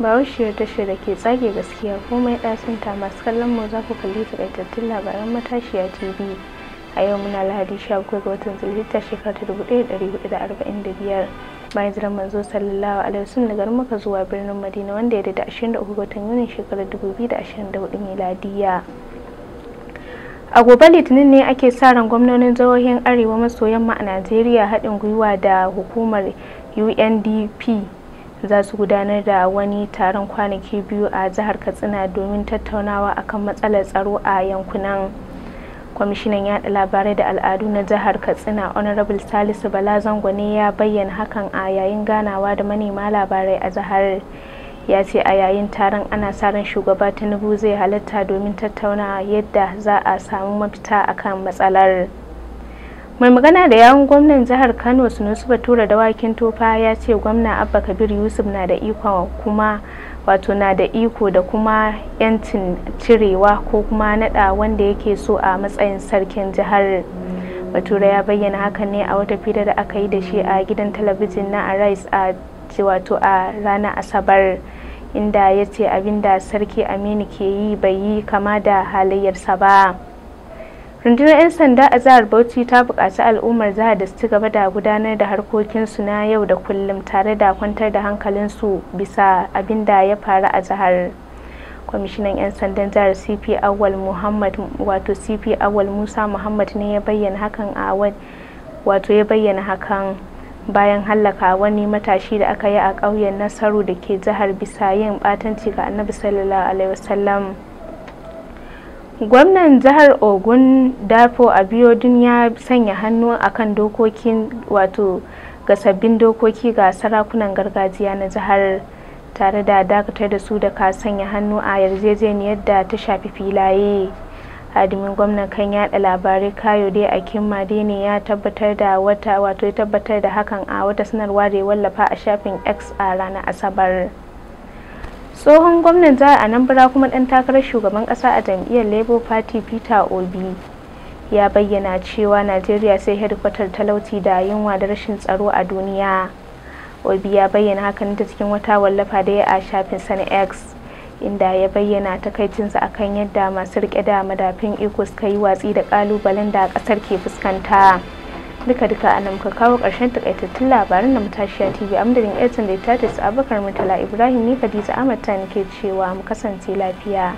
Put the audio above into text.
Bahaushiyar tashar da ke tsage gaskiya komai ɗacinta masu kallon mu za ku kalli takaitattun labaran matashiya TV. A yau muna Lahadi 17 ga watan zulhita shekarar 1445 bayan jiran manzo sallallahu alaihi wasallam daga Makka zuwa birnin Madina wanda ya da 23 ga watan yunin shekarar 2024 miladiya. a gobe litinin ne ake sa ran gwamnonin jihohin arewa maso yamma a najeriya haɗin gwiwa da hukumar undp za su gudanar da wani taron kwanaki biyu a jihar katsina domin tattaunawa akan matsalar tsaro a yankunan kwamishinan yada labarai da al'adu na jihar katsina honorable salisu bala zango ne ya bayyana hakan a yayin ganawa da manema labarai a jihar ya ce a yayin taron ana sa ran shugaba tinubu zai halatta domin tattauna yadda za a samu mafita akan matsalar mai magana da yawun gwamnan jihar kano sunusu batura wakin tofa ya ce gwamna abba kabir yusuf na da iko kuma wato na da iko da kuma yancin cirewa ko kuma nada wanda yake so a matsayin sarkin jihar batura ya bayyana hakan ne a wata fira da aka yi da shi a gidan talabijin na arise a wato a ranar asabar inda ya ce abinda sarki aminu ke yi bai yi kama da halayyarsa ba rundunar 'yan sanda a jihar bauchi ta buƙaci al'ummar jihar da su ci gaba da gudanar da harkokinsu na yau da kullum tare da kwantar da hankalinsu bisa abin da ya faru a jihar kwamishinan 'yan sandan jihar cp awal muhammad wato cp awal musa muhammad ne ya bayyana hakan a wato ya bayyana hakan bayan hallaka wani matashi da aka yi a ƙauyen nasaru da ke jihar bisa yin ɓatanci ga annabi sallallahu alaihi wasallam gwamnan jihar ogun dafo abiodun ya sanya hannu akan dokokin wato ga sabbin dokoki ga sarakunan gargajiya na jihar tare da dakatar da su da ka sanya hannu a yarjejeniyar da ta shafi filaye hadimin gwamnan kan yada labarai dai a kimadene ya tabbatar da wata wato ya tabbatar da hakan a wata sanarwa da ya wallafa a shafin x a ranar asabar tsohon gwamnan nan anambra kuma ɗan takarar shugaban ƙasa a jam'iyyar labour party peter obi ya bayyana cewa najeriya sai hedikwatar talauci da yunwa da rashin tsaro a duniya obi ya bayyana hakan ta cikin wata wallafa da ya a shafin sani x inda ya bayyana takaicinsa kan yadda masu rike da madafin iko suka yi watsi da kalubalen da ƙasar ke fuskanta. duka duka a nan muka kawo ƙarshen takaitattun labaran da matashiya tv amdarin airtel da ta tisa abokan mutala ibrahim ne khadija ahmad ta ke cewa mu kasance lafiya